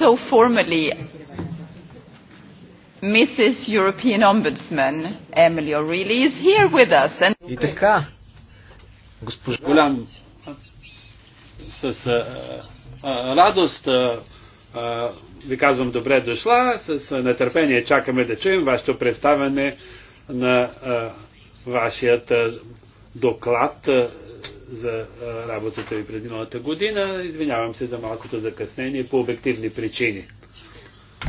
so formally, Mrs. European Ombudsman Emily O'Reilly is here with us. And... И така, госпожа Голям, с а, а, радост а, а, ви казвам добре дошла, с а, нетърпение чакаме да чуем вашето представяне на а, вашият а, доклад а, за работата ви пред миналата година. Извинявам се за малкото закъснение по обективни причини.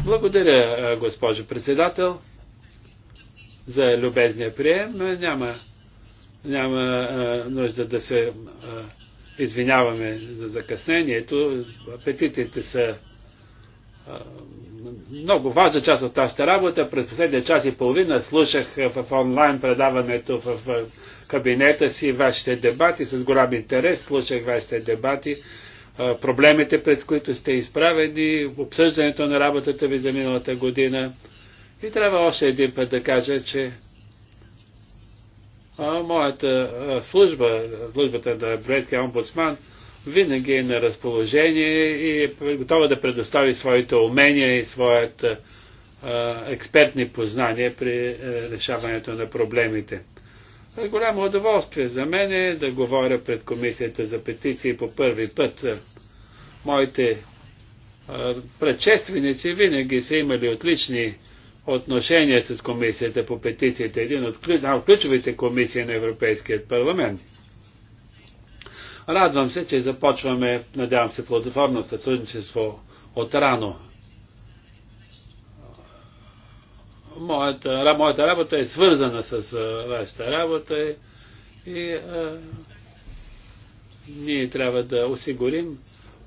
Благодаря, госпожо председател, за любезния прием, но няма, няма а, нужда да се а, извиняваме за закъснението. Апетитите са а, много важна част от нашата работа. През последния час и половина слушах е, в онлайн предаването в кабинета си вашите дебати с голям интерес. Слушах вашите дебати, е, проблемите, пред които сте изправени, обсъждането на работата ви за миналата година. И трябва още един път да кажа, че моята служба, службата на Бредския омбудсман – винаги е на разположение и е готова да предостави своите умения и своят а, експертни познания при е, решаването на проблемите. С голямо удоволствие за мен е да говоря пред Комисията за петиции по първи път. Моите а, предшественици винаги са имали отлични отношения с Комисията по петициите, един от ключ, а, ключовите комисии на Европейският парламент. Радвам се, че започваме, надявам се, плодотворно сътрудничество от рано. Моята, моята работа е свързана с вашата работа и а, ние трябва да осигурим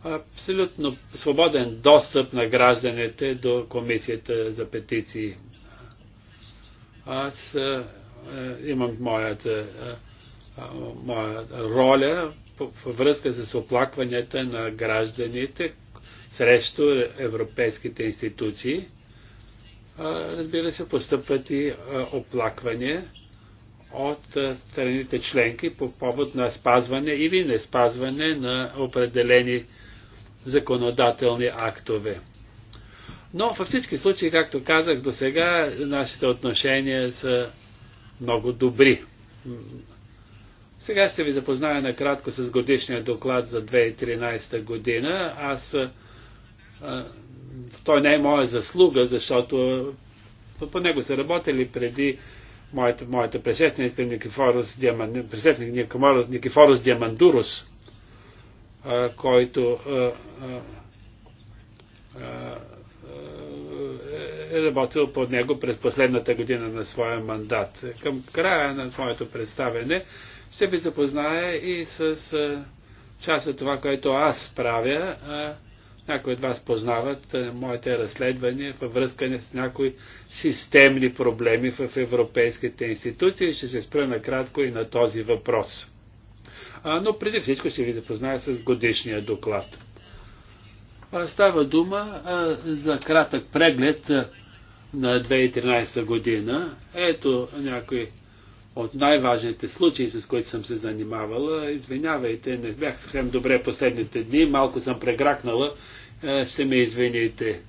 абсолютно свободен достъп на гражданите до комисията за петиции. Аз а, имам моята, а, моя роля във връзка с оплакванията на гражданите срещу европейските институции. Разбира се, постъпват и оплаквания от страните членки по повод на спазване или не спазване на определени законодателни актове. Но във всички случаи, както казах до сега, нашите отношения са много добри сега ще ви запозная накратко с годишния доклад за 2013 година. Аз, а, той не е моя заслуга, защото по него са работили преди моята, моята предшественик Никифорос, Диаман, предшественик Никифорос, Никифорос Диамандурус, а, който а, а, е работил под него през последната година на своя мандат. Към края на своето представене ще ви запозная и с част от това, което аз правя. Някои от вас познават моите разследвания във връзка с някои системни проблеми в европейските институции. Ще се спра накратко и на този въпрос. Но преди всичко ще ви запозная с годишния доклад. Става дума за кратък преглед на 2013 година. Ето някои от най-важните случаи, с които съм се занимавала. Извинявайте, не бях съвсем добре последните дни, малко съм прегракнала, е, ще ме извините.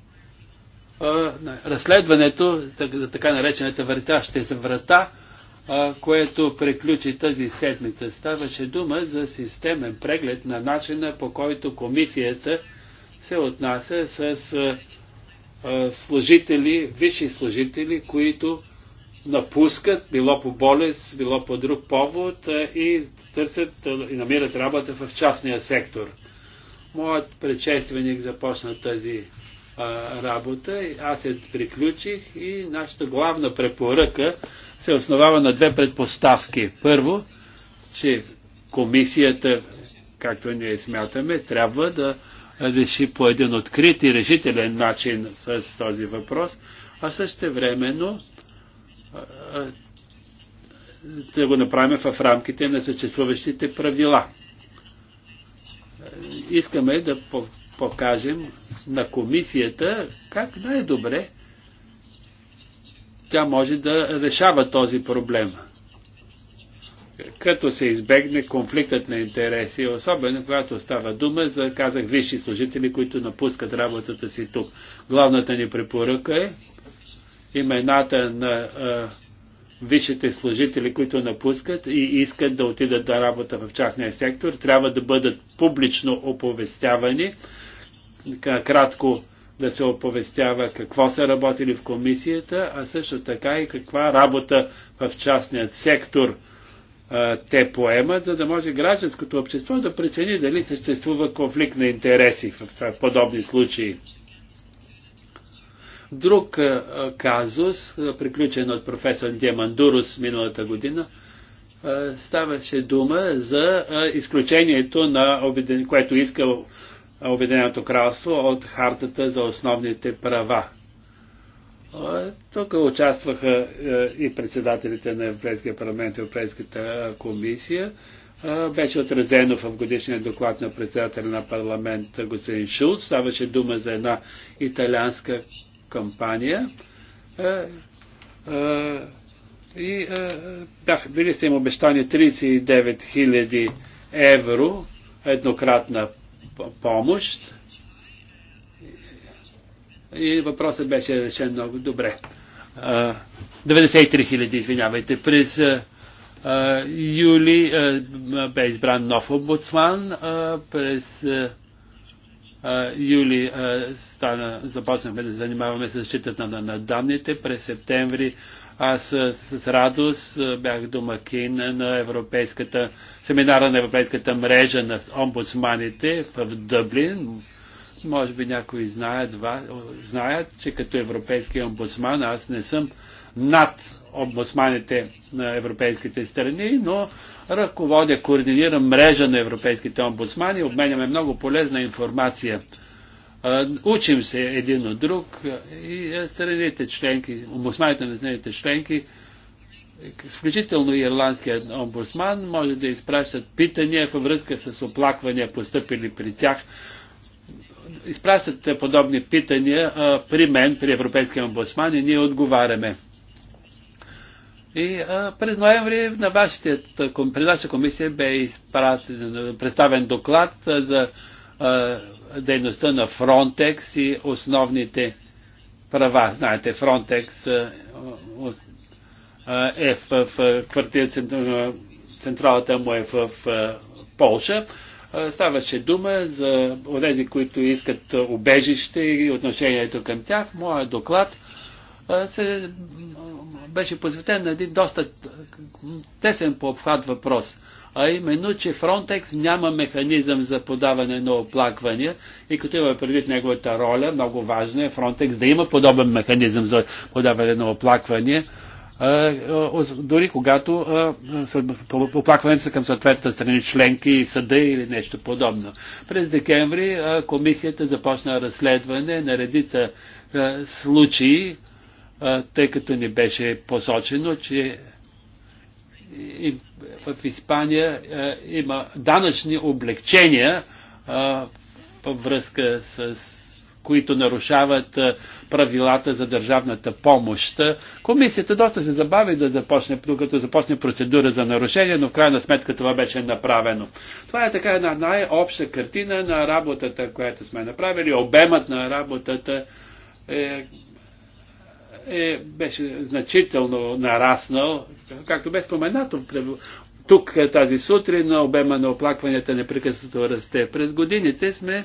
Разследването за така наречената въртяща се врата, което приключи тази седмица, ставаше дума за системен преглед на начина по който комисията се отнася с служители, висши служители, които напускат, било по болест, било по друг повод и търсят и намират работа в частния сектор. Моят предшественик започна тази а, работа, аз я приключих и нашата главна препоръка се основава на две предпоставки. Първо, че комисията, както ние смятаме, трябва да реши по един открит и решителен начин с този въпрос, а също времено да го направим в рамките на съществуващите правила. Искаме да покажем на комисията как най-добре тя може да решава този проблем. Като се избегне конфликтът на интереси, особено когато става дума за, казах, висши служители, които напускат работата си тук. Главната ни препоръка е имената на а, висшите служители, които напускат и искат да отидат да работа в частния сектор, трябва да бъдат публично оповестявани, кратко да се оповестява какво са работили в комисията, а също така и каква работа в частният сектор а, те поемат, за да може гражданското общество да прецени дали съществува конфликт на интереси в подобни случаи. Друг е, е, казус, е, приключен от професор Диамандурус миналата година, ставаше дума за изключението, на обеден... което иска Обединеното кралство от Хартата за основните права. Тук участваха и председателите на Европейския парламент и Европейската комисия. Беше отразено в годишния доклад на председателя на парламент господин Шулц. Ставаше дума за една италианска кампания е, е, и е, бях, били са им обещани 39 000 евро еднократна помощ. И въпросът беше решен много добре. 93 000, извинявайте. През юли бе избран нов обудсман. През юли стана, започнахме да занимаваме с защитата на, на данните. През септември аз с, с радост бях домакин на Европейската семинара на Европейската мрежа на омбудсманите в Дъблин. Може би някои знаят, знаят, че като европейски омбудсман аз не съм над омбудсманите на европейските страни, но ръководя, координирам мрежа на европейските омбудсмани, обменяме много полезна информация. Учим се един от друг и страните членки, омбудсманите на страните членки, включително и ирландският омбудсман, може да изпращат питания във връзка с оплаквания, поступили при тях. Изпращат подобни питания при мен, при Европейския омбудсман и ние отговаряме. И а, през ноември на вашата, нашата комисия бе изпратен, представен доклад за а, дейността на Frontex и основните права. Знаете, Frontex а, е в, в квартира, централата му е в, в Полша. Ставаше дума за тези, които искат убежище и отношението към тях. Моят доклад се, беше посветен на един доста тесен по обхват въпрос, а именно, че Фронтекс няма механизъм за подаване на оплаквания и като има предвид неговата роля, много важно е Фронтекс да има подобен механизъм за подаване на оплаквания, дори когато оплакването са към съответната страни членки, и съда или нещо подобно. През декември комисията започна разследване на редица случаи, тъй като ни беше посочено, че в Испания има данъчни облегчения във връзка с които нарушават правилата за държавната помощ. Комисията доста се забави да започне, докато започне процедура за нарушение, но в крайна сметка това беше направено. Това е така една най-обща картина на работата, която сме направили. Обемът на работата е е, беше значително нараснал, както бе споменато тук е, тази сутрин, на обема на оплакванията непрекъснато расте. През годините сме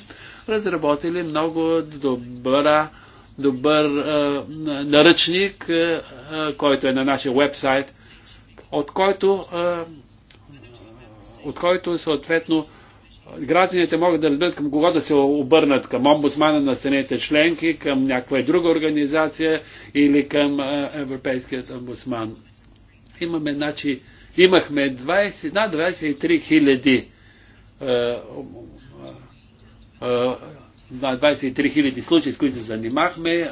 разработили много добра, добър е, наръчник, е, е, който е на нашия вебсайт, от който, е, от който съответно гражданите могат да разберат към кого да се обърнат, към омбудсмана на страните членки, към някаква друга организация или към Европейският омбудсман. Имаме, значи, имахме 20, 23 хиляди на 23 хиляди случаи, с които се занимахме,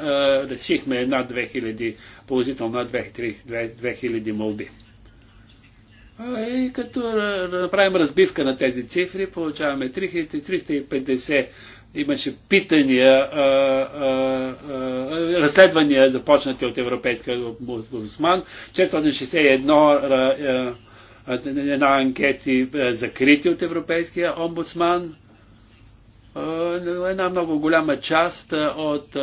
решихме над 2000, положително 2 2000 молби. И като направим разбивка на тези цифри, получаваме 3350. Имаше питания, разследвания, започнати от Европейския омбудсман, 461 една анкети е, закрити от Европейския омбудсман. Една много голяма част от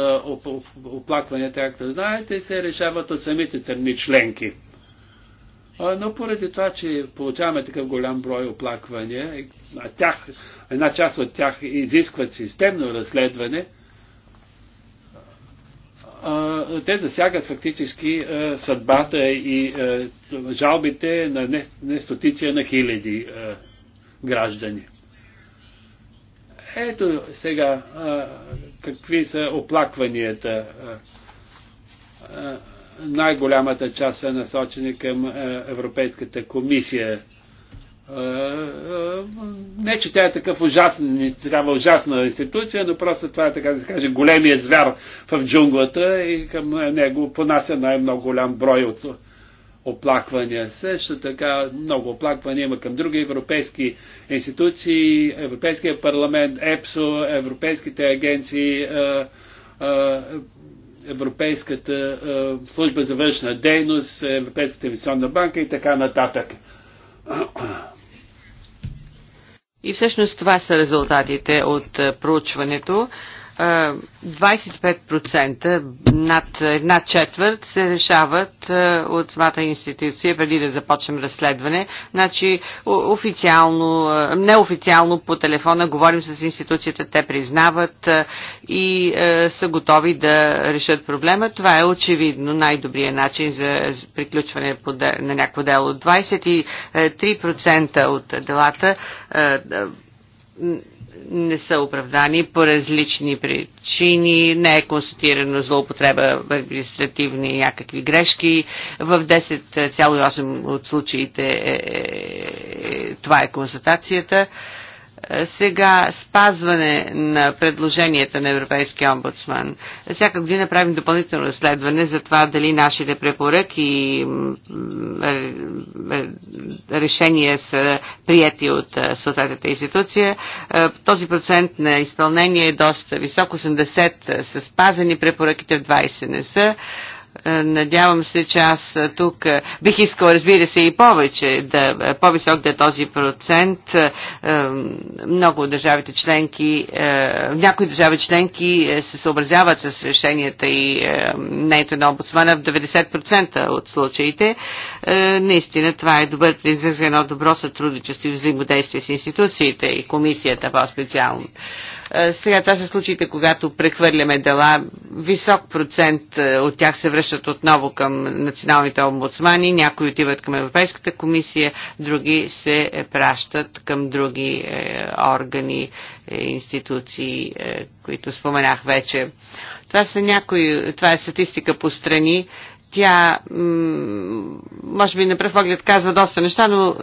оплакванията, както знаете, се решават от самите страни членки но поради това, че получаваме такъв голям брой оплаквания, а тях, една част от тях изискват системно разследване, те засягат фактически съдбата и жалбите на не, не стотици, на хиляди граждани. Ето сега какви са оплакванията най-голямата част са насочени към е, Европейската комисия. Е, е, не, че тя е такъв ужасен, такава ужасна институция, но просто това е, така да се каже, големия звяр в джунглата и към него понася най-много голям брой от оплаквания. Също така много оплаквания има към други европейски институции, Европейския парламент, ЕПСО, европейските агенции, Европейската е, служба за външна дейност, Европейската инвестиционна банка и така нататък. И всъщност това са резултатите от е, проучването. 25% е, над една четвърт се решават е, от самата институция преди да започнем разследване. Значи официално, е, неофициално по телефона говорим с институцията, те признават и са готови да решат проблема. Това е очевидно най-добрият начин за приключване на някакво дело. 23% от делата не са оправдани по различни причини, не е констатирано злоупотреба, в административни някакви грешки. В 10,8 от случаите е, е, е, това е констатацията. Е, сега спазване на предложенията на Европейския омбудсман. Всяка година правим допълнително разследване за това дали нашите препоръки и решения са прияти от е, съответната институция. Е, този процент на изпълнение е доста висок. 80 са спазени, препоръките в 20 не са. Е, надявам се, че аз е, тук е, бих искал, разбира се, и повече, да, по-висок да е този процент. Много от държавите членки, някои държави членки се съобразяват с решенията и нейто на омбудсмана в 90% от случаите. Наистина това е добър принцип за едно добро сътрудничество и взаимодействие с институциите и комисията по-специално. Е, сега това са случаите, когато прехвърляме дела. Висок процент е, от тях се връщат отново към националните омбудсмани, някои отиват към Европейската комисия, други се пращат към други е, органи, институции, които споменах вече. Това, са някои, това е статистика по страни. Тя, може би на пръв поглед казва доста неща, но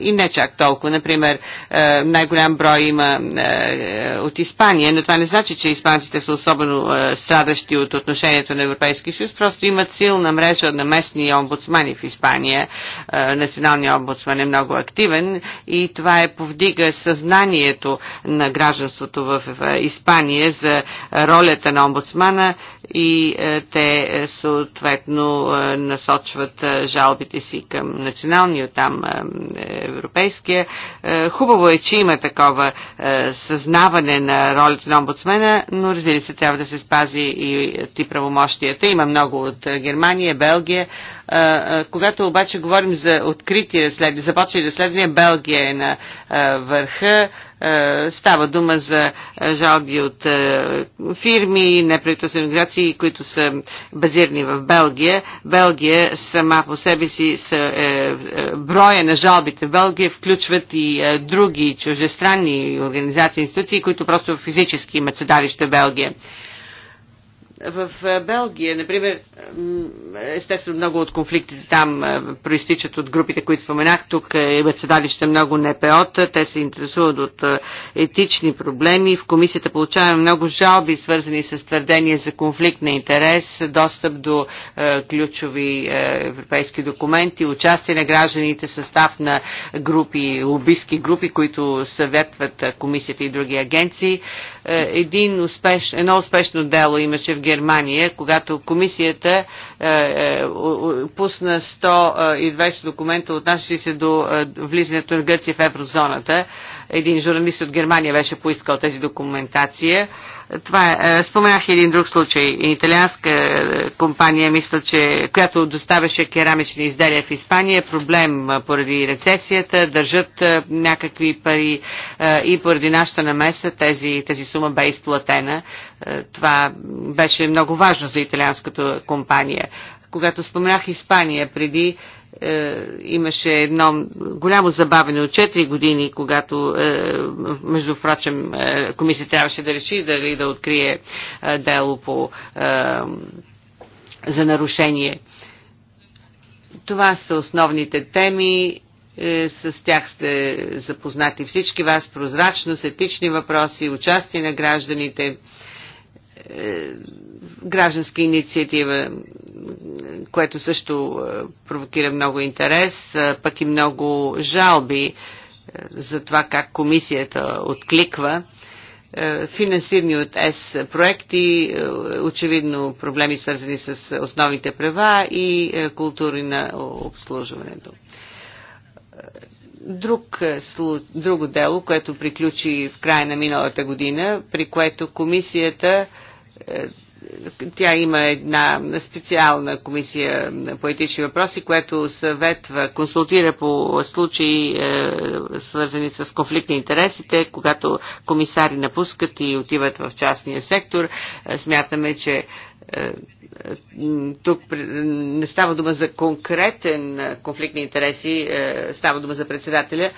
и не чак толкова. Например, е, най-голям брой има е, от Испания, но това не значи, че испанците са особено е, страдащи от отношението на Европейския съюз. Просто имат силна мрежа на местни омбудсмани в Испания. Националният омбудсман е много активен и това е повдига съзнанието на гражданството в Испания за ролята на омбудсмана и е, те е, съответно е, насочват жалбите си към националния, там европейския. Хубаво е, че има такова съзнаване на ролята на омбудсмена, но разбира се, трябва да се спази и ти правомощията. Има много от Германия, Белгия, когато обаче говорим за открити разследвания, започнали разследвания, Белгия е на върха, става дума за жалби от фирми, неправителствени организации, които са базирани в Белгия. Белгия сама по себе си са, е, е броя на жалбите в Белгия включват и е, други чужестранни организации, институции, които просто физически имат седалище в Белгия. В Белгия, например, естествено много от конфликтите там проистичат от групите, които споменах. Тук е, имат седалище много НПО-та, те се интересуват от етични проблеми. В комисията получаваме много жалби, свързани с твърдения за конфликт на интерес, достъп до ключови европейски документи, участие на гражданите, състав на групи, лобистки групи, които съветват комисията и други агенции. Е, един успеш, едно успешно дело имаше в Германия Германия, когато комисията е, е пусна 120 е, документа, отнасящи се до е, влизането на Гърция в еврозоната. Един журналист от Германия беше поискал тази документация. Това е, е споменах един друг случай. Италианска е, компания, мисля, че, която доставяше керамични изделия в Испания, е проблем поради рецесията, държат някакви пари и поради нашата намеса тези, тази сума бе изплатена. Това беше много важно за италианската компания. Когато споменах Испания преди, е, имаше едно голямо забавене от 4 години, когато, е, между впрочем, е, комисия трябваше да реши дали да открие дело по, за нарушение. Това са основните теми. С тях сте запознати всички вас. Прозрачност, етични въпроси, участие на гражданите гражданска инициатива, което също е, провокира много интерес, е, пък и много жалби е, за това как комисията откликва. Финансирани от ЕС проекти, очевидно проблеми свързани с основните права и култури на обслужването. Друг, друго дело, което приключи в края на миналата година, при което комисията тя има една специална комисия по етични въпроси, която съветва, консултира по случаи е, свързани с конфликт на интересите, когато комисари напускат и отиват в частния сектор. Е, смятаме, че е, е, тук не става дума за конкретен е, конфликт на интереси, става дума за председателя,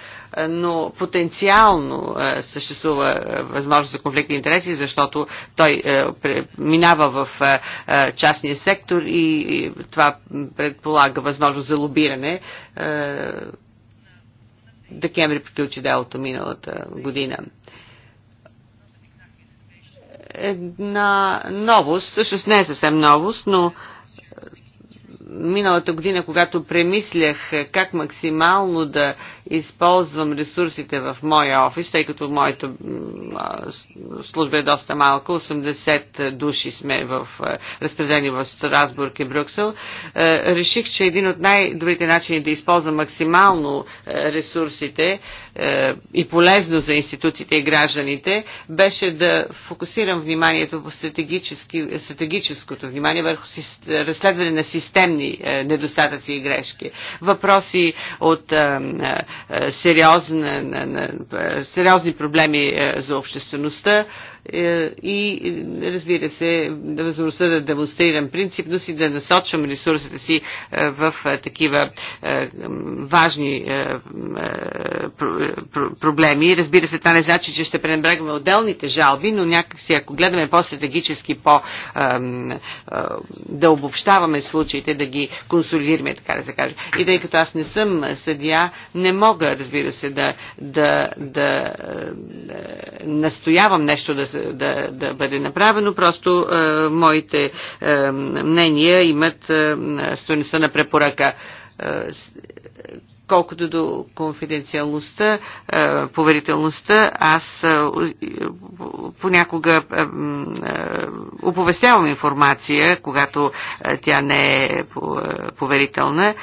но потенциално съществува възможност за конфликт на интереси, защото той минава в частния сектор и това предполага възможност за лобиране. Декември приключи делото миналата година една новост, всъщност не е съвсем новост, но е, миналата година, когато премислях е, как максимално да използвам ресурсите в моя офис, тъй като моето служба е доста малко, 80 души сме в, разпределени в Страсбург и Брюксел, реших, че един от най-добрите начини да използвам максимално ресурсите и полезно за институциите и гражданите, беше да фокусирам вниманието в стратегическото внимание върху разследване на системни недостатъци и грешки. Въпроси от е, е, сериозни, проблеми е, за обществеността, е, и разбира се, възможността да демонстрирам принципно си, да насочвам ресурсите си е, в е, такива важни проблеми. Разбира се, това не значи, че ще пренебрегваме отделните жалби, но някакси, ако гледаме по-стратегически, по, да обобщаваме случаите, да ги консолидираме, така да се каже. И тъй като аз не съм съдия, не мога, разбира се, да, да, да, да настоявам нещо да, да, да бъде направено, просто е, моите е, мнения имат е, стоеността на препоръка. Е, Колкото до конфиденциалността, е, поверителността, аз е, е, понякога оповестявам информация, когато тя не е поверителна.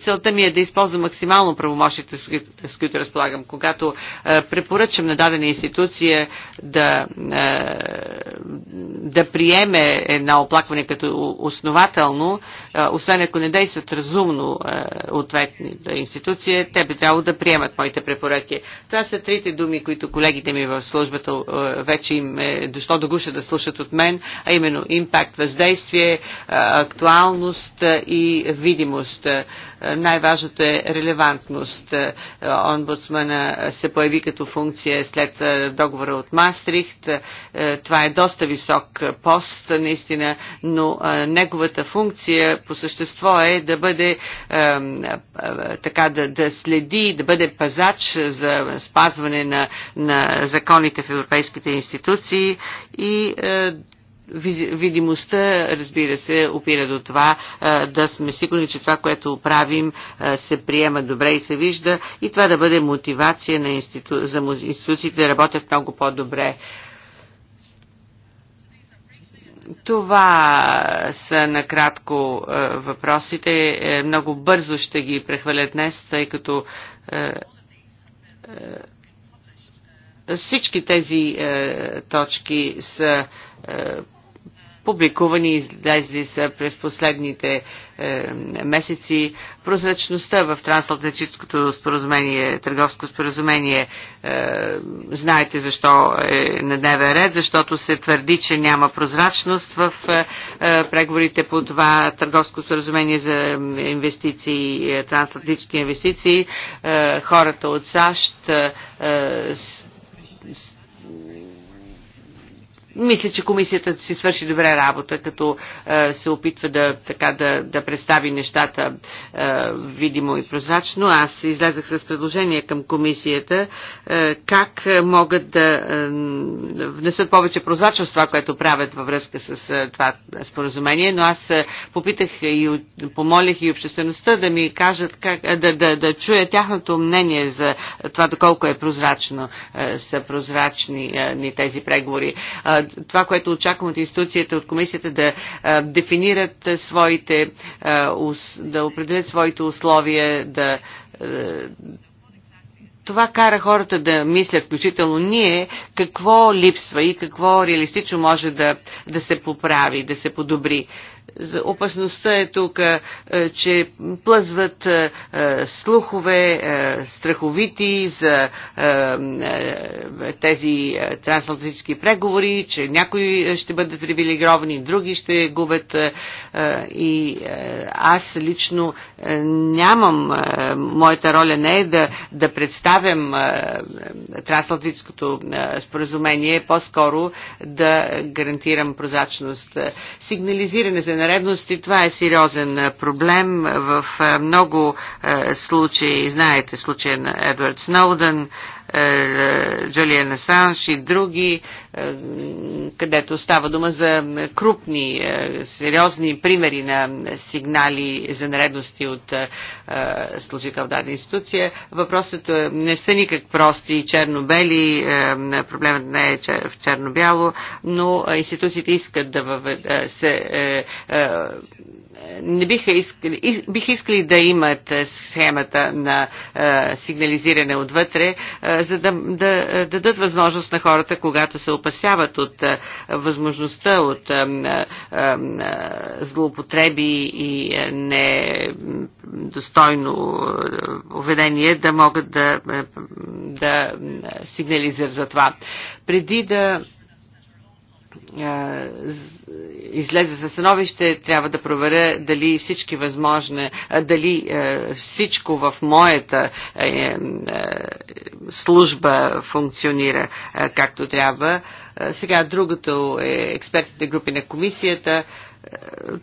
Целта ми е да използвам максимално правомощите, с които разполагам. Когато препоръчам на дадена институция да, да приеме едно оплакване като основателно, освен ако не действат разумно от това съответната институция, те би трябвало да приемат моите препоръки. Това са трите думи, които колегите ми в службата е, вече им е дошло до гуша да слушат от мен, а именно импакт, въздействие, е, актуалност е, и видимост най-важното е релевантност. Е, омбудсмана се появи като функция след е, договора от Мастрихт. Е, това е доста висок пост, наистина, но неговата функция по същество е да бъде така да, да следи, да бъде пазач за спазване на, на законите в европейските институции и видимостта, разбира се, опира до това да сме сигурни, че това, което правим, се приема добре и се вижда и това да бъде мотивация на институ... за институциите да работят много по-добре. Това са накратко въпросите. Е, много бързо ще ги прехвалят днес, тъй като е, е, всички тези точки са публикувани и излезли са през последните е, месеци. Прозрачността в трансатлантическото споразумение, търговско споразумение, е, знаете защо е на дневен ред, защото се твърди, че няма прозрачност в е, е преговорите по това търговско споразумение за инвестиции, е, трансатлантически инвестиции. Е, хората от САЩ е, е Мисля, че комисията си свърши добре работа, като е, се опитва да, така, да, да представи нещата е, видимо и прозрачно. Аз излезах с предложение към комисията е, как могат да е, внесат повече прозрачност това, което правят във връзка с е, това споразумение, но аз е, попитах и помолих и обществеността да ми кажат, как, е, да, да, да чуя тяхното мнение за това, доколко е прозрачно, е, са прозрачни е, тези преговори е, това, което очаквам от институцията, от комисията да дефинират своите, да определят своите условия, да това кара хората да мислят, включително ние, какво липсва и какво реалистично може да, да се поправи, да се подобри опасността е тук, е, че плъзват е, е, слухове, страховити за тези трансатлантически преговори, че някои ще бъдат привилегировани, други ще губят и аз лично нямам, моята роля не е да, да представям трансатлантическото споразумение, по-скоро да гарантирам прозрачност. Сигнализиране за нередности. Това е сериозен проблем в много случаи. Знаете случая на Едвард Сноуден, е, Джулиан Асанш и други, е, където става дума за крупни, е, сериозни примери на сигнали за наредности от служител в дадена институция. Въпросът не са никак прости и черно-бели, проблемът не е в черно-бяло, но институциите искат да въведат се не биха искали, биха искали да имат е, схемата на е, сигнализиране отвътре, е, за да, да, е, да дадат възможност на хората, когато се опасяват от е, възможността от е, е, е, злоупотреби и недостойно уведение, да могат да, да сигнализират за това. Преди да излезе със становище, трябва да проверя дали всички възможни, дали всичко в моята е, е, служба функционира както трябва. Сега другото е експертите групи на комисията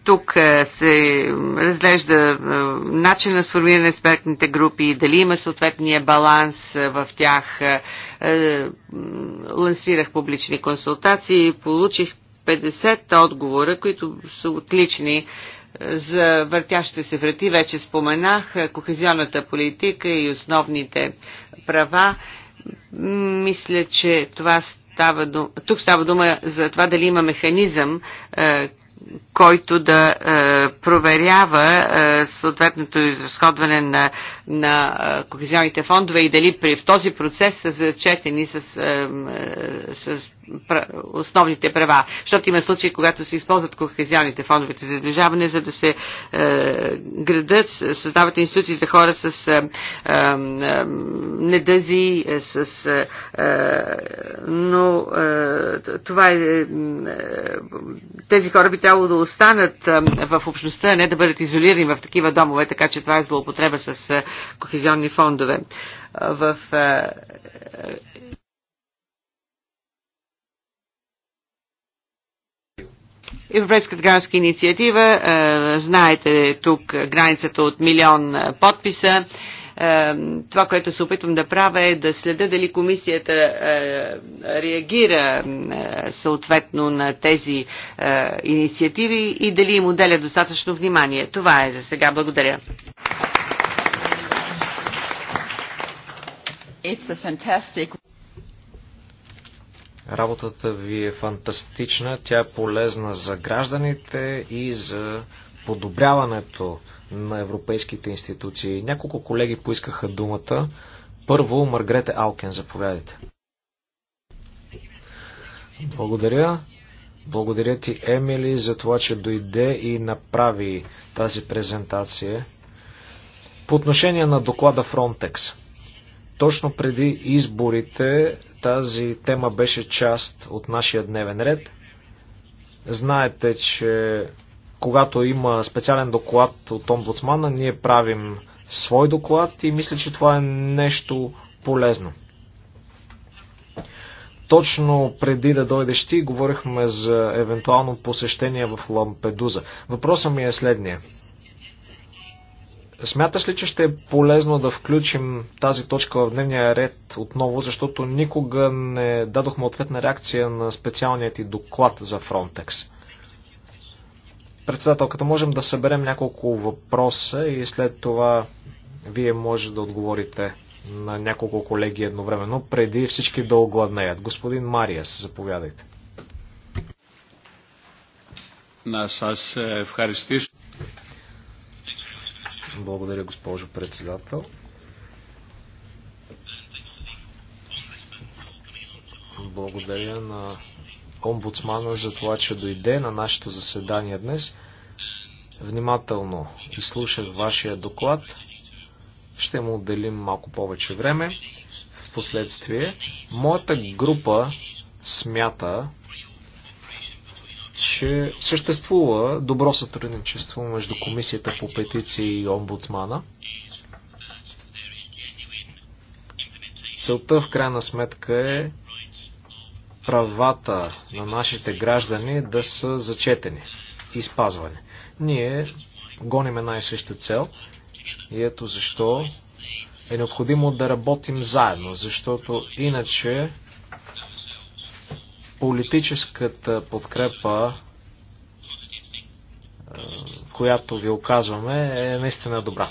тук е, се разглежда е, начин на сформиране на експертните групи, дали има съответния баланс е, в тях. Лансирах публични консултации, получих 50 отговора, които са отлични за въртящите се врати. Вече споменах кохезионната политика и основните права. Мисля, че това става дума, тук става дума за това дали има механизъм, който да е, проверява е, съответното изразходване на, на е, кохезионните фондове и дали при, в този процес са зачетени с, е, е с пра, основните права. Защото има случаи, когато се използват кохезионните фондовете за изближаване, за да се е, градат, създават институции за хора с е, е, недъзи, е, с... Е, е, но е, това е... Тези хора би трябвало трябвало да останат в общността, а не да бъдат изолирани в такива домове, така че това е злоупотреба с кохезионни фондове. В Европейската гражданска инициатива, знаете тук границата от милион подписа, това, което се опитвам да правя е да следя дали комисията е, реагира е, съответно на тези е, инициативи и дали им отделя достатъчно внимание. Това е за сега. Благодаря. Fantastic... Работата ви е фантастична. Тя е полезна за гражданите и за подобряването на европейските институции. Няколко колеги поискаха думата. Първо, Маргрете Алкен, заповядайте. Благодаря. Благодаря ти, Емили, за това, че дойде и направи тази презентация. По отношение на доклада Frontex. Точно преди изборите тази тема беше част от нашия дневен ред. Знаете, че когато има специален доклад от омбудсмана, ние правим свой доклад и мисля, че това е нещо полезно. Точно преди да дойдеш ти, говорихме за евентуално посещение в Лампедуза. Въпросът ми е следния. Смяташ ли, че ще е полезно да включим тази точка в дневния ред отново, защото никога не дадохме ответна реакция на специалният ти доклад за Фронтекс? Председателката, можем да съберем няколко въпроса и след това вие може да отговорите на няколко колеги едновременно, преди всички да огладнеят. Господин се заповядайте. На е, сас ευχαριστήσω. Благодаря, госпожо председател. Благодаря на омбудсмана за това, че дойде на нашето заседание днес. Внимателно изслушах вашия доклад. Ще му отделим малко повече време в последствие. Моята група смята, че съществува добро сътрудничество между Комисията по петиции и омбудсмана. Целта в крайна сметка е правата на нашите граждани да са зачетени и спазвани. Ние гоним една и съща цел и ето защо е необходимо да работим заедно, защото иначе политическата подкрепа, е, която ви оказваме, е наистина добра.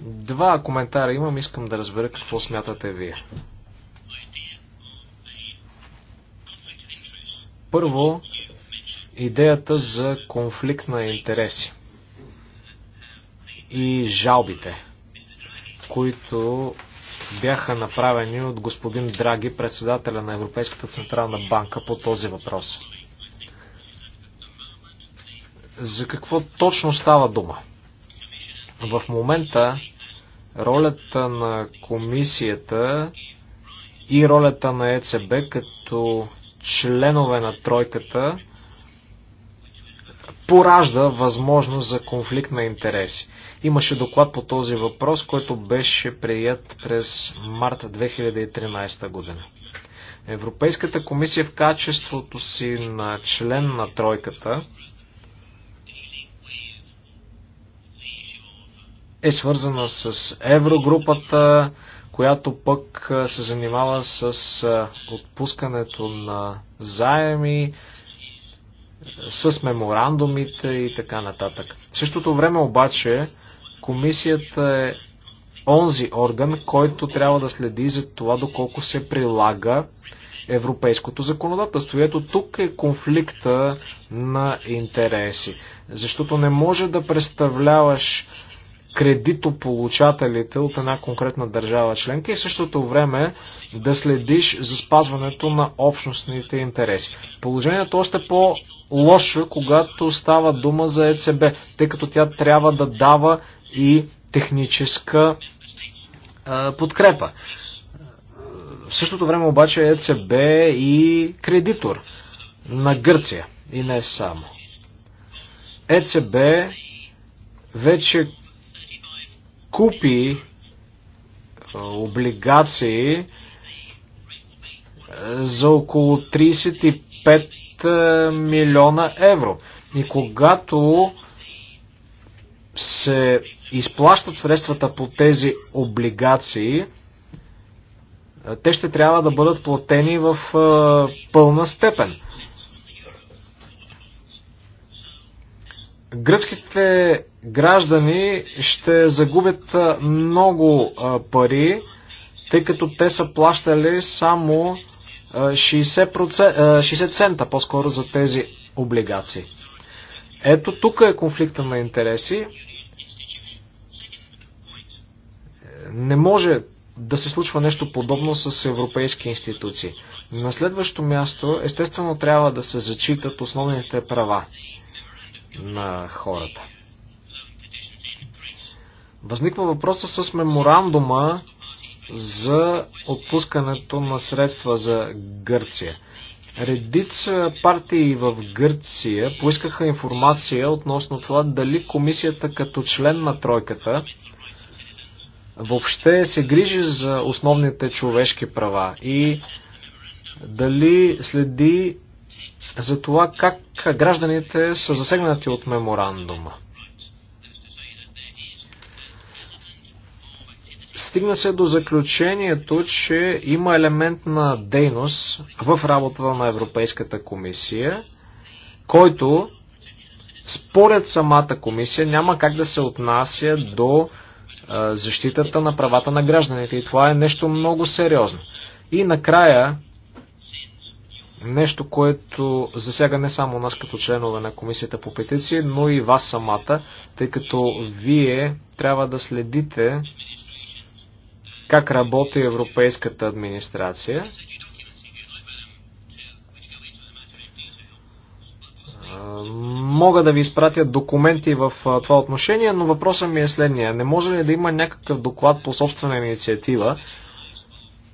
Два коментара имам, искам да разбера какво смятате вие. Първо, идеята за конфликт на интереси и жалбите, които бяха направени от господин Драги, председателя на Европейската Централна банка по този въпрос. За какво точно става дума? В момента ролята на комисията и ролята на ЕЦБ като членове на тройката поражда възможност за конфликт на интереси. Имаше доклад по този въпрос, който беше прият през март 2013 година. Европейската комисия в качеството си на член на тройката е свързана с еврогрупата, която пък се занимава с отпускането на заеми, с меморандумите и така нататък. В същото време обаче комисията е онзи орган, който трябва да следи за това доколко се прилага европейското законодателство. И ето тук е конфликта на интереси. Защото не може да представляваш кредитополучателите от една конкретна държава членка и в същото време да следиш за спазването на общностните интереси. Положението е още по лошо, когато става дума за ЕЦБ, тъй като тя трябва да дава и техническа е, подкрепа. В същото време обаче ЕЦБ е и кредитор на Гърция и не само. ЕЦБ вече купи облигации за около 35 милиона евро. И когато се изплащат средствата по тези облигации, те ще трябва да бъдат платени в пълна степен. гръцките граждани ще загубят много пари, тъй като те са плащали само 60, 60 цента по-скоро за тези облигации. Ето тук е конфликта на интереси. Не може да се случва нещо подобно с европейски институции. На следващо място, естествено, трябва да се зачитат основните права на хората. Възниква въпроса с меморандума за отпускането на средства за Гърция. Редица партии в Гърция поискаха информация относно това дали комисията като член на тройката въобще се грижи за основните човешки права и дали следи за това как гражданите са засегнати от меморандума. Стигна се до заключението, че има елемент на дейност в работата на Европейската комисия, който според самата комисия няма как да се отнася до защитата на правата на гражданите. И това е нещо много сериозно. И накрая Нещо, което засяга не само нас като членове на Комисията по петиции, но и вас самата, тъй като вие трябва да следите как работи европейската администрация. Мога да ви изпратя документи в това отношение, но въпросът ми е следния. Не може ли да има някакъв доклад по собствена инициатива,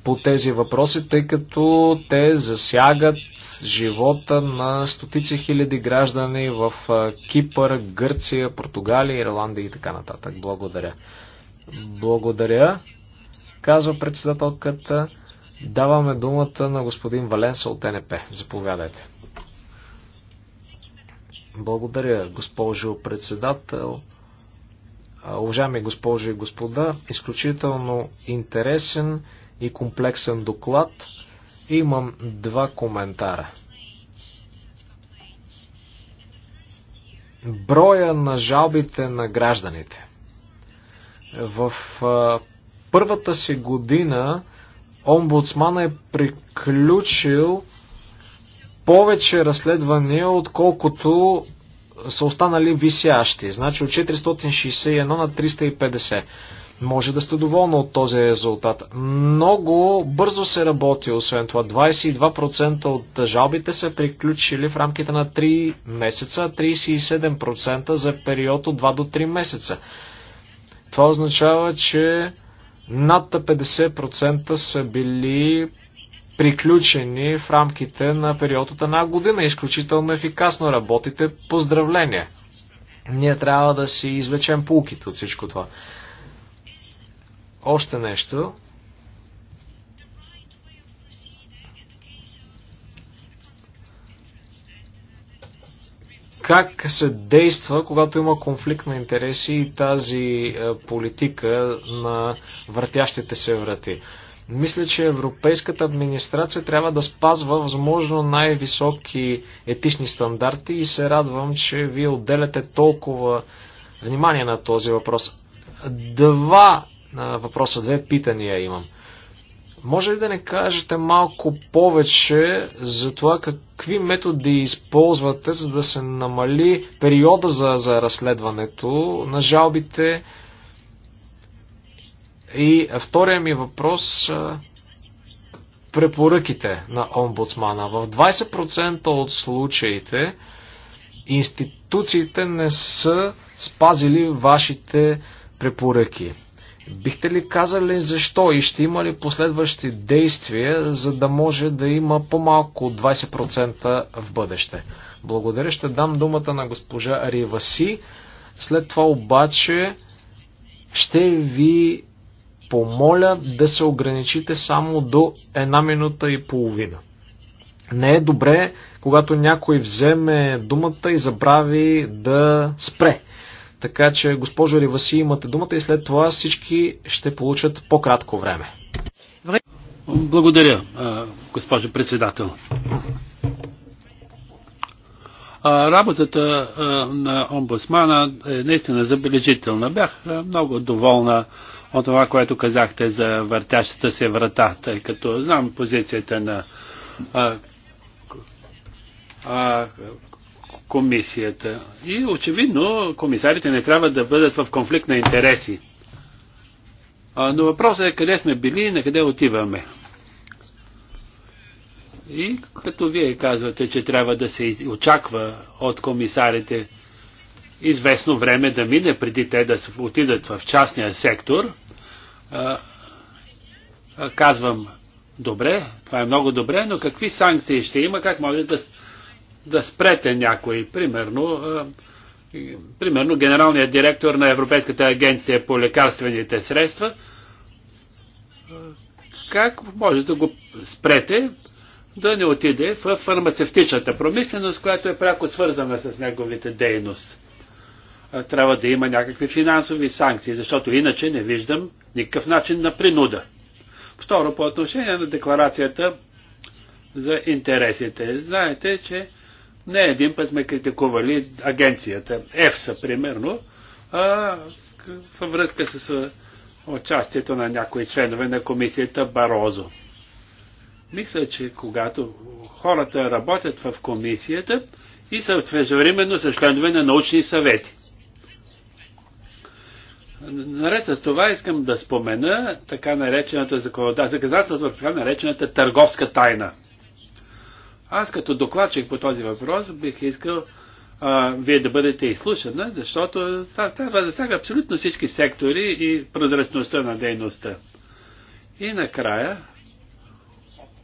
по тези въпроси, тъй като те засягат живота на стотици хиляди граждани в Кипър, Гърция, Португалия, Ирландия и така нататък. Благодаря. Благодаря, казва председателката. Даваме думата на господин Валенса от НП. Заповядайте. Благодаря, госпожо председател. Уважаеми госпожи и господа, изключително интересен и комплексен доклад. Имам два коментара. Броя на жалбите на гражданите. В първата си година омбудсмана е приключил повече разследвания, отколкото са останали висящи. Значи от 461 на 350. Може да сте доволни от този резултат. Много бързо се работи, освен това. 22% от жалбите са приключили в рамките на 3 месеца, 37% за период от 2 до 3 месеца. Това означава, че над 50% са били приключени в рамките на период от една година. Изключително ефикасно работите. Поздравления! Ние трябва да си извлечем полките от всичко това. Още нещо. Как се действа, когато има конфликт на интереси и тази е, политика на въртящите се врати? Мисля, че европейската администрация трябва да спазва възможно най-високи етични стандарти и се радвам, че вие отделяте толкова внимание на този въпрос. Два на въпроса. Две питания имам. Може ли да не кажете малко повече за това какви методи използвате, за да се намали периода за, за разследването на жалбите? И втория ми въпрос препоръките на омбудсмана. В 20% от случаите институциите не са спазили вашите препоръки. Бихте ли казали защо и ще има ли последващи действия, за да може да има по-малко от 20% в бъдеще? Благодаря, ще дам думата на госпожа Риваси. След това обаче ще ви помоля да се ограничите само до една минута и половина. Не е добре, когато някой вземе думата и забрави да спре така че, госпожо Риваси, имате думата и след това всички ще получат по-кратко време. Благодаря, госпожо председател. Работата на омбудсмана е наистина забележителна. Бях много доволна от това, което казахте за въртящата се врата, тъй като знам позицията на комисията. И очевидно комисарите не трябва да бъдат в конфликт на интереси. но въпросът е къде сме били и на къде отиваме. И като вие казвате, че трябва да се очаква от комисарите известно време да мине преди те да отидат в частния сектор, казвам, добре, това е много добре, но какви санкции ще има, как може да да спрете някой. Примерно, примерно генералният директор на Европейската агенция по лекарствените средства. Как може да го спрете да не отиде в фармацевтичната промишленост, която е пряко свързана с неговите дейност? Трябва да има някакви финансови санкции, защото иначе не виждам никакъв начин на принуда. Второ, по отношение на декларацията за интересите. Знаете, че не един път сме критикували агенцията, ЕФСА примерно, а, във връзка с участието на някои членове на комисията Барозо. Мисля, че когато хората работят в комисията и са отвежевременно са членове на научни съвети. Наред с това искам да спомена така наречената законодателство, така наречената търговска тайна – аз като докладчик по този въпрос бих искал а, вие да бъдете изслушана, защото това засяга абсолютно всички сектори и прозрачността на дейността. И накрая,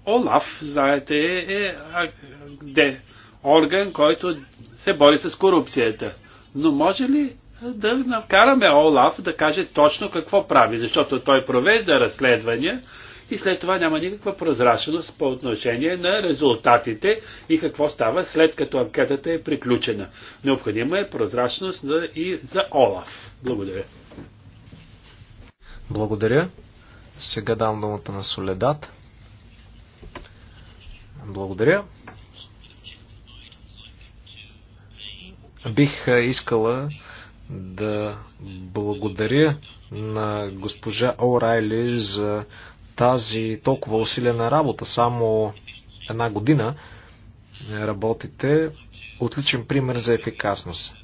ОЛАФ, знаете, е, е де, орган, който се бори с корупцията. Но може ли да накараме ОЛАФ да каже точно какво прави, защото той провежда разследвания, и след това няма никаква прозрачност по отношение на резултатите и какво става след като анкетата е приключена. Необходима е прозрачност и за ОЛАФ. Благодаря. Благодаря. Сега дам думата на Соледат. Благодаря. Бих искала да благодаря на госпожа Орайли за тази толкова усилена работа. Само една година работите. Отличен пример за ефикасност.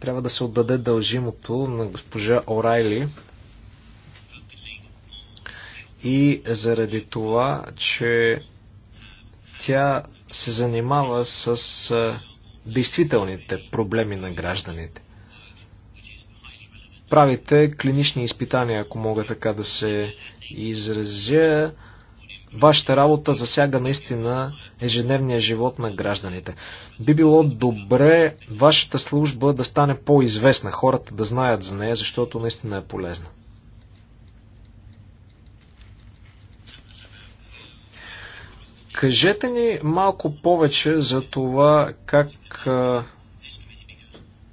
Трябва да се отдаде дължимото на госпожа Орайли и заради това, че тя се занимава с действителните проблеми на гражданите правите клинични изпитания, ако мога така да се изразя. Вашата работа засяга наистина ежедневния живот на гражданите. Би било добре вашата служба да стане по-известна, хората да знаят за нея, защото наистина е полезна. Кажете ни малко повече за това как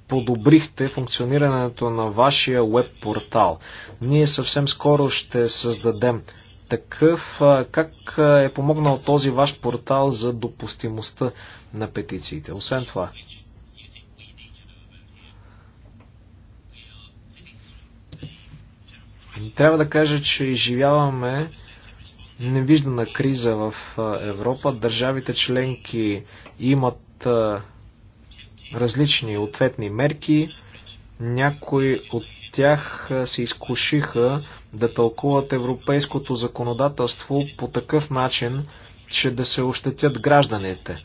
подобрихте функционирането на вашия веб портал. Ние съвсем скоро ще създадем такъв. Как е помогнал този ваш портал за допустимостта на петициите? Освен това. Трябва да кажа, че изживяваме невиждана криза в Европа. Държавите членки имат различни ответни мерки. Някои от тях се изкушиха да тълкуват европейското законодателство по такъв начин, че да се ощетят гражданите.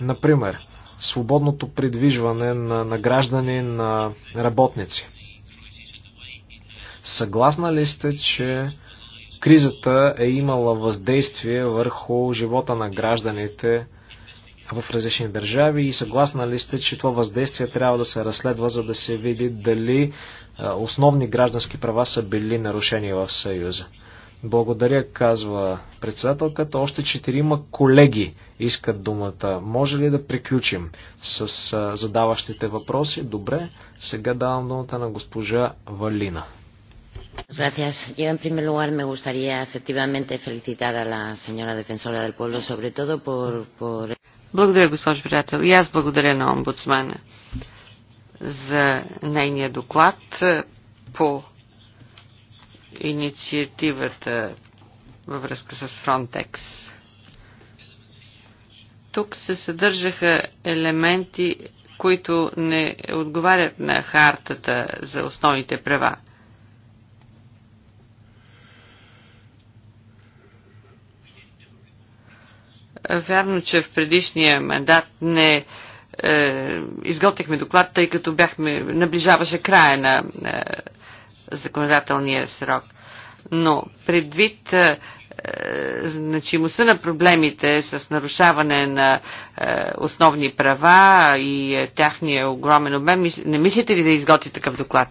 Например, свободното придвижване на, на граждани, на работници. Съгласна ли сте, че кризата е имала въздействие върху живота на гражданите в различни държави и съгласна ли сте, че това въздействие трябва да се разследва, за да се види дали е, основни граждански права са били нарушени в Съюза? Благодаря, казва председателката. Още четирима колеги искат думата. Може ли да приключим с е, задаващите въпроси? Добре. Сега давам думата на госпожа Валина. Gracias. Yo, en primer lugar, me gustaría efectivamente felicitar a la señora defensora del pueblo, sobre todo por. por... Благодаря, госпожо приятел. И аз благодаря на омбудсмана за нейния доклад по инициативата във връзка с Frontex. Тук се съдържаха елементи, които не отговарят на хартата за основните права. Вярно, че в предишния мандат не е, изготвихме доклад, тъй като бяхме, наближаваше края на е, законодателния срок. Но предвид е, е значимостта на проблемите с нарушаване на е, основни права и е, тяхния огромен обем, не мислите ли да изготви такъв доклад?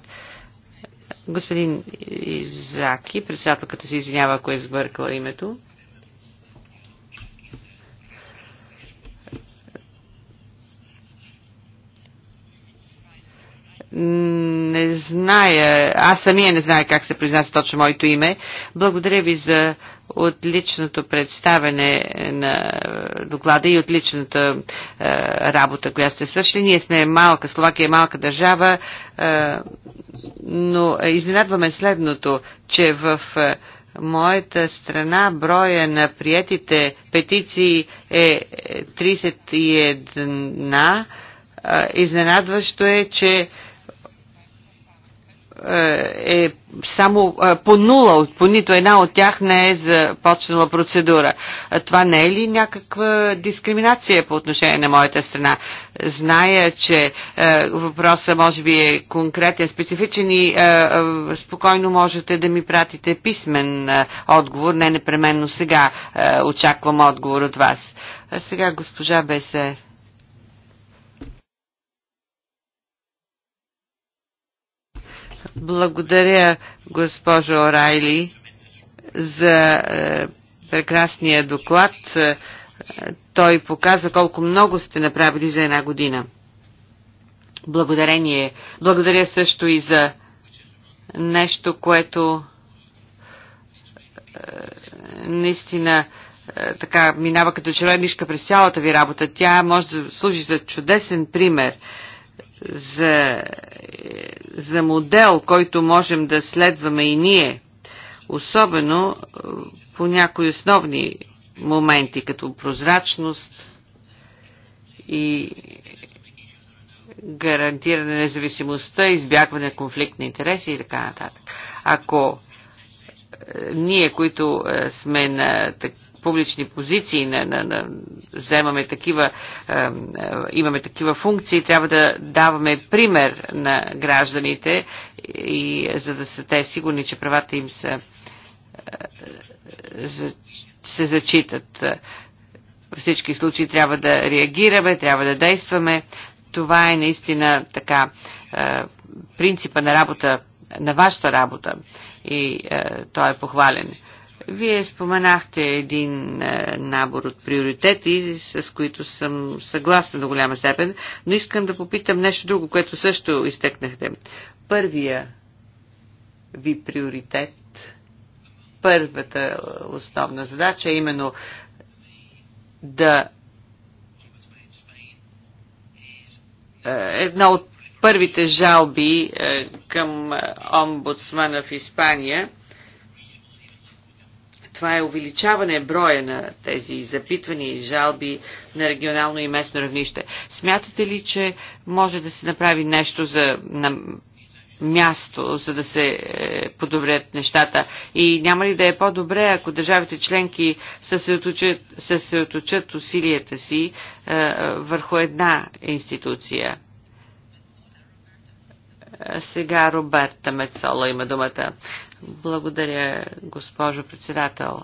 Господин Изаки, председателката се извинява, ако е сбъркала името. не зная, аз самия не знае как се произнася точно моето име. Благодаря ви за отличното представене на доклада и отличната е, работа, която сте свършили. Ние сме малка, Словакия е малка държава, е, но изненадваме следното, че в е, моята страна броя на приятите петиции е 31. Е, изненадващо е, че е, е само е, по нула, по нито една от тях не е започнала процедура. Това не е ли някаква дискриминация по отношение на моята страна? Зная, че е, въпросът може би е конкретен, специфичен и спокойно можете да ми пратите писмен отговор, не непременно сега очаквам отговор от вас. А сега госпожа Бесе. Благодаря, госпожо Орайли, за е, прекрасния доклад. Е, той показва колко много сте направили за една година. Благодарение. Благодаря също и за нещо, което е, наистина е, така минава като червенишка през цялата ви работа. Тя може да служи за чудесен пример за е, за модел, който можем да следваме и ние, особено е, по някои основни моменти, като прозрачност и гарантиране на независимостта, избягване на конфликт на интереси и така нататък. Ако е, ние, които е, сме на публични позиции, на, на, на, вземаме такива, е, имаме такива функции, трябва да даваме пример на гражданите, и, е, за да са те сигурни, че правата им са, е, се зачитат. Във всички случаи трябва да реагираме, трябва да действаме. Това е наистина така е, принципа на работа, на вашата работа и е, той е похвален. Вие споменахте един е, набор от приоритети, с които съм съгласна до голяма степен, но искам да попитам нещо друго, което също изтъкнахте. Първия ви приоритет, първата основна задача е именно да е, една от първите жалби е, към омбудсмана в Испания – това е увеличаване броя на тези запитвания и жалби на регионално и местно равнище. Смятате ли, че може да се направи нещо за на място, за да се е, подобрят нещата? И няма ли да е по-добре, ако държавите членки съсредоточат, съсредоточат усилията си е, е върху една институция? Е, сега Роберта Мецола има думата. Благодаря, госпожо председател.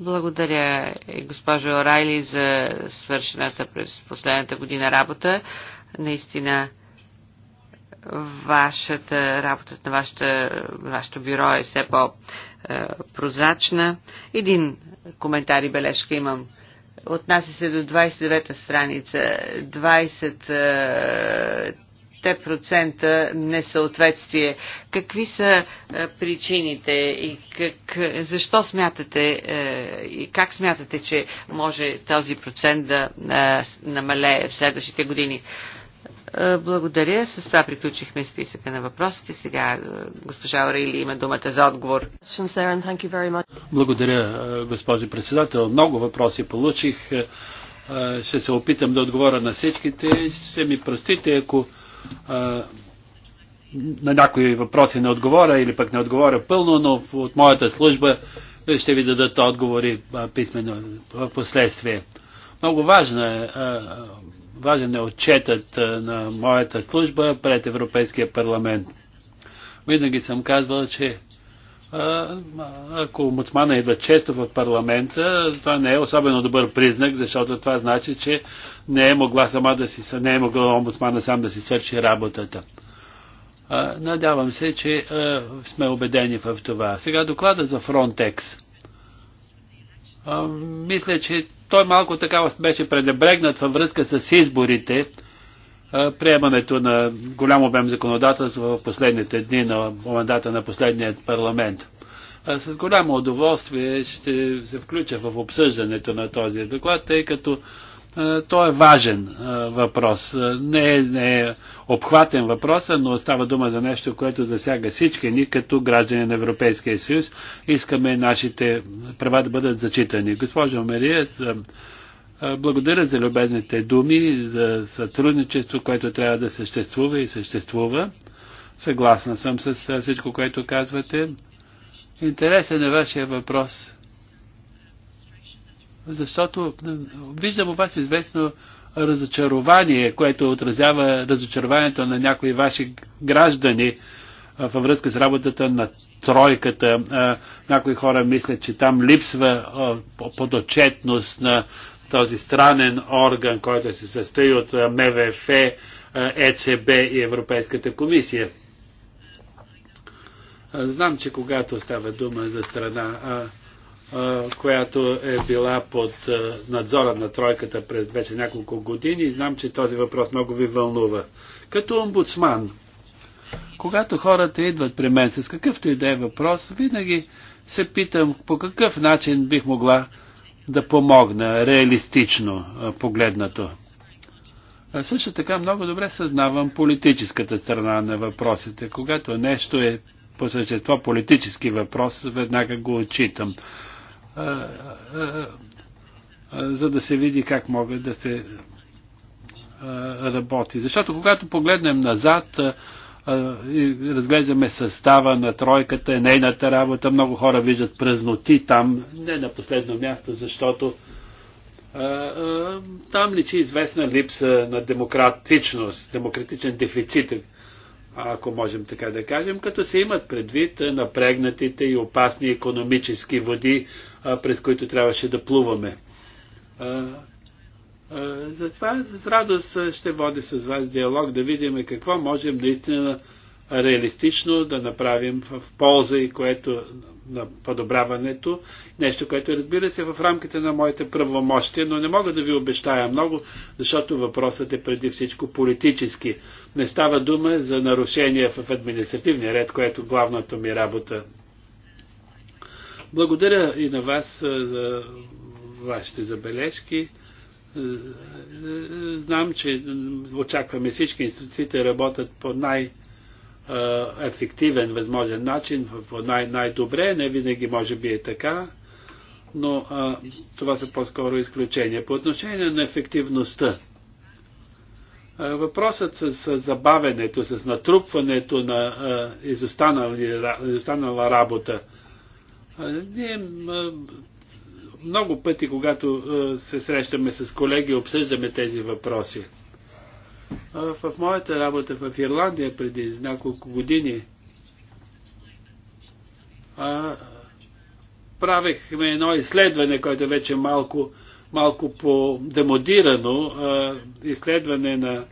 Благодаря, и госпожо Орайли, за свършената през последната година работа. Наистина, вашата работа на вашата, вашето бюро е все по-прозрачна. Един коментар и бележка имам. Отнася се до 29-та страница. 20 5% несъответствие. Какви са е, причините и как, защо смятате е, и как смятате, че може този процент да е, намалее в следващите години? Благодаря. С това приключихме списъка на въпросите. Сега госпожа Орели има думата за отговор. Благодаря, госпожо председател. Много въпроси получих. Ще се опитам да отговоря на всичките. Ще ми простите, ако на някои въпроси не отговоря или пък не отговоря пълно, но от моята служба ще ви дадат отговори писменно в последствие. Много важно е, важен е отчетът на моята служба пред Европейския парламент. Винаги съм казвал, че ако омбудсмана идва често в парламента, това не е особено добър признак, защото това значи, че не е могла сама да си, не е могла омбудсмана сам да си свърши работата. Надявам се, че сме убедени в това. Сега доклада за Фронтекс. Мисля, че той малко така беше пренебрегнат във връзка с изборите приемането на голям обем законодателство в последните дни на мандата на последният парламент. С голямо удоволствие ще се включа в обсъждането на този доклад, тъй като той е важен въпрос. Не е, не е обхватен въпрос, но става дума за нещо, което засяга всички ни като граждани на Европейския съюз. Искаме нашите права да бъдат зачитани. Госпожо Мария, благодаря за любезните думи, за сътрудничество, което трябва да съществува и съществува. Съгласна съм с всичко, което казвате. Интересен е вашия въпрос. Защото виждам у вас известно разочарование, което отразява разочарованието на някои ваши граждани във връзка с работата на тройката. Някои хора мислят, че там липсва подотчетност на този странен орган, който се състои от МВФ, ЕЦБ и Европейската комисия. Знам, че когато става дума за страна, която е била под надзора на тройката през вече няколко години, знам, че този въпрос много ви вълнува. Като омбудсман, когато хората идват при мен с какъвто и да е въпрос, винаги се питам по какъв начин бих могла да помогна реалистично погледнато. А също така много добре съзнавам политическата страна на въпросите. Когато нещо е по същество политически въпрос, веднага го отчитам. за да се види как мога да се работи. Защото когато погледнем назад, разглеждаме състава на тройката, нейната работа. Много хора виждат празноти там, не на последно място, защото а, а, там личи известна липса на демократичност, демократичен дефицит, ако можем така да кажем, като се имат предвид напрегнатите и опасни економически води, а, през които трябваше да плуваме. Затова с радост ще води с вас диалог, да видим какво можем наистина реалистично да направим в полза и което на подобряването. Нещо, което разбира се в рамките на моите правомощия, но не мога да ви обещая много, защото въпросът е преди всичко политически. Не става дума за нарушения в административния ред, което е главната ми работа. Благодаря и на вас за вашите забележки. Знам, че очакваме всички институциите да работят по най- ефективен възможен начин, по най- най-добре, не винаги може би е така, но а, това са по-скоро изключения. По отношение на ефективността, а, въпросът с, с забавенето, с натрупването на а, изостанала, изостанала работа, а, ние а, много пъти, когато е, се срещаме с колеги, обсъждаме тези въпроси. Е, в моята работа в Ирландия преди няколко години е, правихме едно изследване, което вече малко, малко по-демодирано, изследване на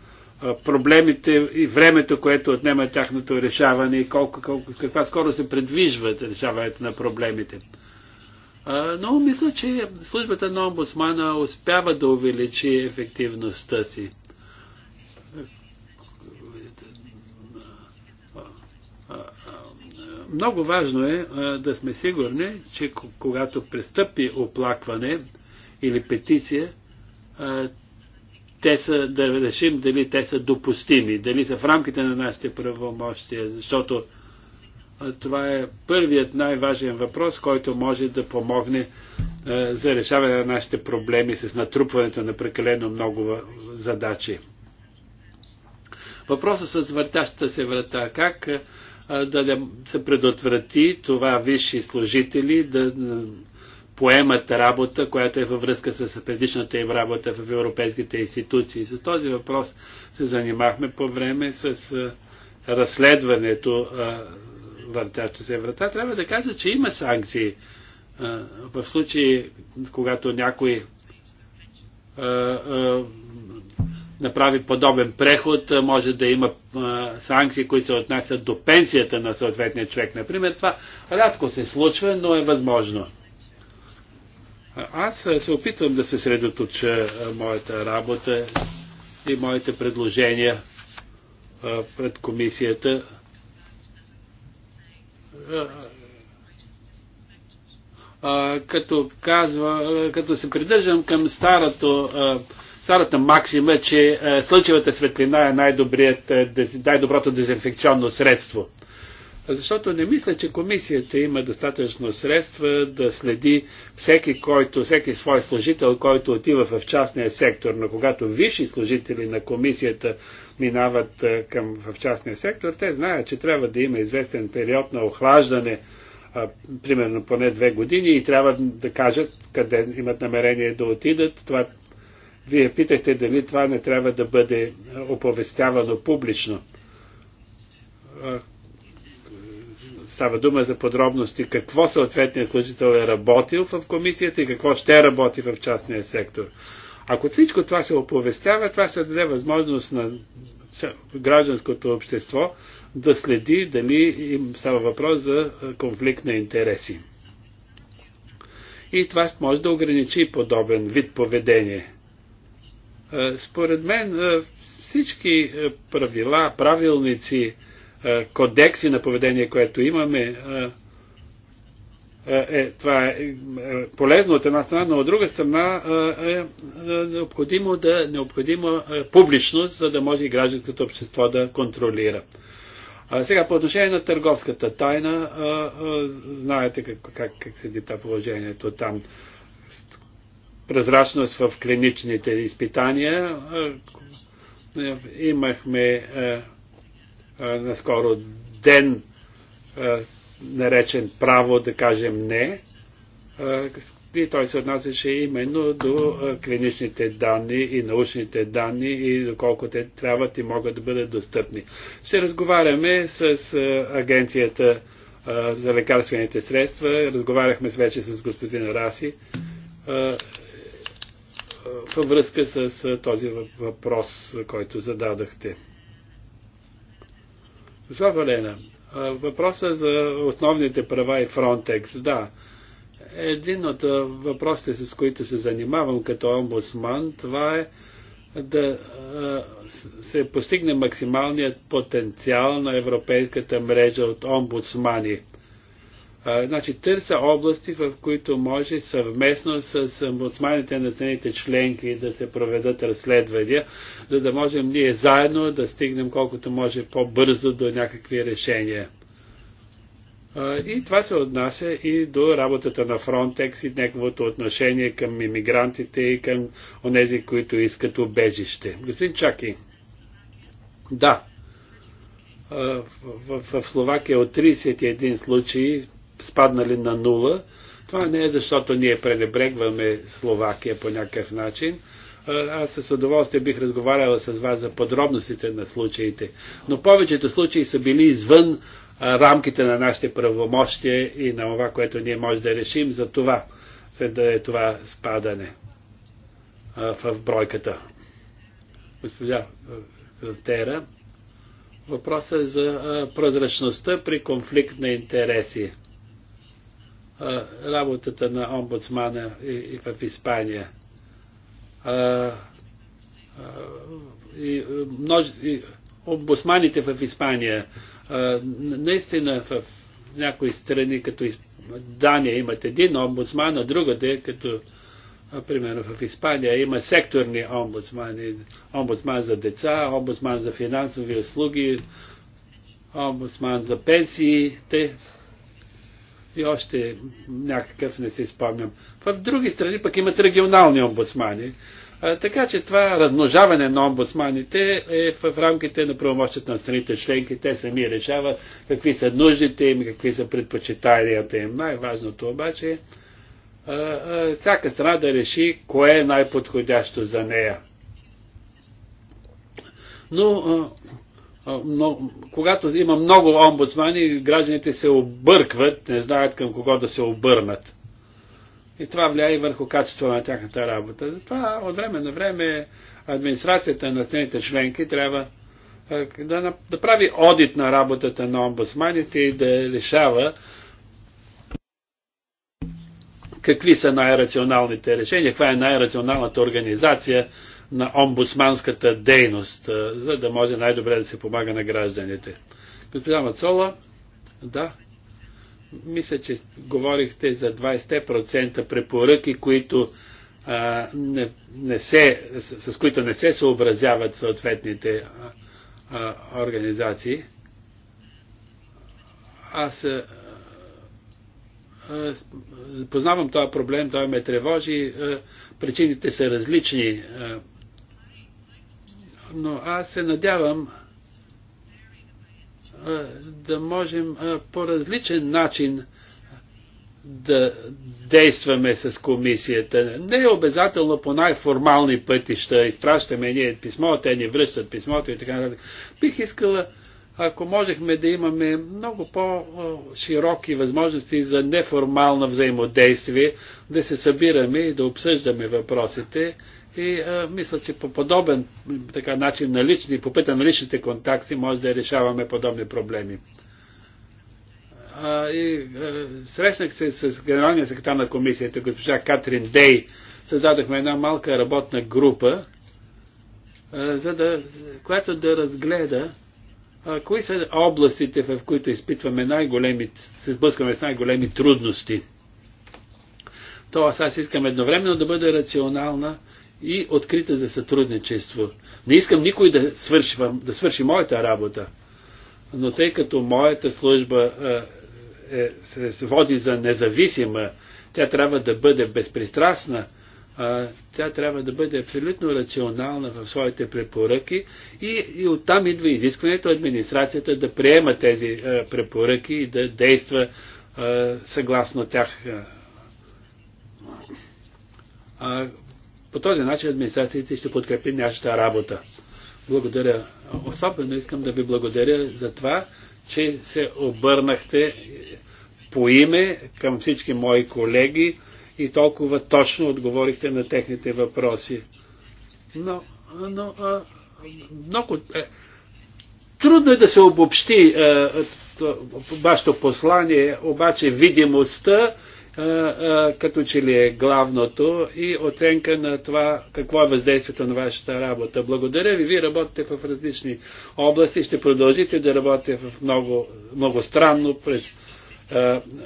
проблемите и времето, което отнема тяхното решаване и колко, колко, каква скоро се предвижват решаването на проблемите. Но мисля, че службата на омбудсмана успява да увеличи ефективността си. Много важно е да сме сигурни, че когато пристъпи оплакване или петиция, те са, да решим дали те са допустими, дали са в рамките на нашите правомощия, защото това е първият най-важен въпрос, който може да помогне за решаване на нашите проблеми с натрупването на прекалено много задачи. Въпросът с въртящата се врата. Как да се предотврати това висши служители да поемат работа, която е във връзка с предишната им работа в европейските институции. С този въпрос се занимахме по време с разследването въртяща се врата, трябва да кажа, че има санкции. В случай, когато някой направи подобен преход, може да има санкции, които се отнасят до пенсията на съответния човек. Например, това рядко се случва, но е възможно. Аз се опитвам да се средоточа моята работа и моите предложения пред комисията като казва, като се придържам към старото, старата максима, че слънчевата светлина е най-доброто дезинфекционно средство. Защото не мисля, че комисията има достатъчно средства да следи всеки, който, всеки свой служител, който отива в частния сектор. Но когато висши служители на комисията минават е, към, в частния сектор, те знаят, че трябва да има известен период на охлаждане, а, примерно поне две години, и трябва да кажат къде имат намерение да отидат. Това, вие питахте дали това не трябва да бъде е, оповестявано публично става дума за подробности какво съответният служител е работил в комисията и какво ще работи в частния сектор. Ако всичко това се оповестява, това ще даде възможност на гражданското общество да следи дали им става въпрос за конфликт на интереси. И това може да ограничи подобен вид поведение. Е, според мен е, всички е, правила, правилници, кодекси на поведение, което имаме, е, това е, е, полезно от една страна, но от друга страна е, е, необходимо да, необходима публичност, за да може и гражданското общество да контролира. А сега по отношение на търговската тайна, а, а, знаете как, как, как се дита положението там. Прозрачност в клиничните изпитания. А, имахме а, наскоро ден, наречен право да кажем не. И той се отнасяше именно до клиничните данни и научните данни и доколко те трябват и могат да бъдат достъпни. Ще разговаряме с агенцията за лекарствените средства. Разговаряхме вече с господин Раси във връзка с този въпрос, който зададахте. Госпожа Валена, въпроса е за основните права и Фронтекс, да. Един от въпросите, с които се занимавам като омбудсман, това е да се постигне максималният потенциал на европейската мрежа от омбудсмани – а, значи, търся области, в които може съвместно с омбудсманите на страните членки да се проведат разследвания, за да можем ние заедно да стигнем колкото може по-бързо до някакви решения. А, и това се отнася и до работата на Фронтекс и неговото отношение към иммигрантите и към онези, които искат убежище. Господин Чаки, да, в, в, в Словакия от 31 случаи спаднали на нула. Това не е защото ние пренебрегваме Словакия по някакъв начин. Аз с удоволствие бих разговаряла с вас за подробностите на случаите. Но повечето случаи са били извън рамките на нашите правомощия и на това, което ние може да решим за това, след да е това спадане в бройката. Госпожа Тера, въпросът е за прозрачността при конфликт на интереси работата на омбудсмана и, и в Испания. А, и, множ... и омбудсманите в Испания. А, наистина в някои страни, като Дания имат един омбудсман, а другата е като примерно в Испания има секторни омбудсмани. Омбудсман за деца, омбудсман за финансови услуги, омбудсман за пенсии Те и още някакъв, не си спомням. В други страни пък имат регионални омбудсмани. А, така че това размножаване на омбудсманите е в, в рамките на правомощите на страните членки. Те сами решават какви са нуждите им, какви са предпочитанията им. Най-важното обаче е всяка страна да реши кое е най-подходящо за нея. Но но, когато има много омбудсмани, гражданите се объркват, не знаят към кого да се обърнат. И това влияе и върху качеството на тяхната работа. Затова от време на време администрацията на страните членки трябва да, да прави одит на работата на омбудсманите и да решава какви са най-рационалните решения, каква е най-рационалната организация на омбудсманската дейност, за да може най-добре да се помага на гражданите. Госпожа Мацола, да, мисля, че говорихте за 20% препоръки, които а, не, не се, с, с които не се съобразяват съответните а, а, организации. Аз а, а, познавам този проблем, той ме тревожи. А, причините са различни. А, но аз се надявам да можем по различен начин да действаме с комисията. Не е обязателно по най-формални пътища. Изпращаме ние писмо, те ни връщат писмото и така нататък. Бих искала, ако можехме да имаме много по-широки възможности за неформално взаимодействие, да се събираме и да обсъждаме въпросите и а, мисля, че по подобен така, начин на лични, по пътя на личните контакти може да решаваме подобни проблеми. А, и, а, срещнах се с генералния секретар на комисията, госпожа Катрин Дей. Създадахме една малка работна група, а, за да, която да разгледа а, кои са областите, в които изпитваме най-големи, се сблъскваме с най-големи трудности. Тоест, аз искам едновременно да бъда рационална, и открита за сътрудничество. Не искам никой да свърши, да свърши моята работа, но тъй като моята служба е, се води за независима, тя трябва да бъде безпристрастна, а, тя трябва да бъде абсолютно рационална в своите препоръки и, и оттам идва изискването администрацията да приема тези е, препоръки и да действа е, съгласно тях. А, по този начин администрациите ще подкрепи нашата работа. Благодаря. Особено искам да ви благодаря за това, че се обърнахте по име към всички мои колеги и толкова точно отговорихте на техните въпроси. Но, но а, много. Е, трудно е да се обобщи е, е вашето послание, обаче видимостта като че ли е главното и оценка на това какво е въздействието на вашата работа. Благодаря ви, вие работите в различни области, ще продължите да работите в много, много странно през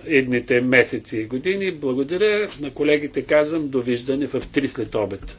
едните месеци и години. Благодаря на колегите, казвам, довиждане в 3 след обед.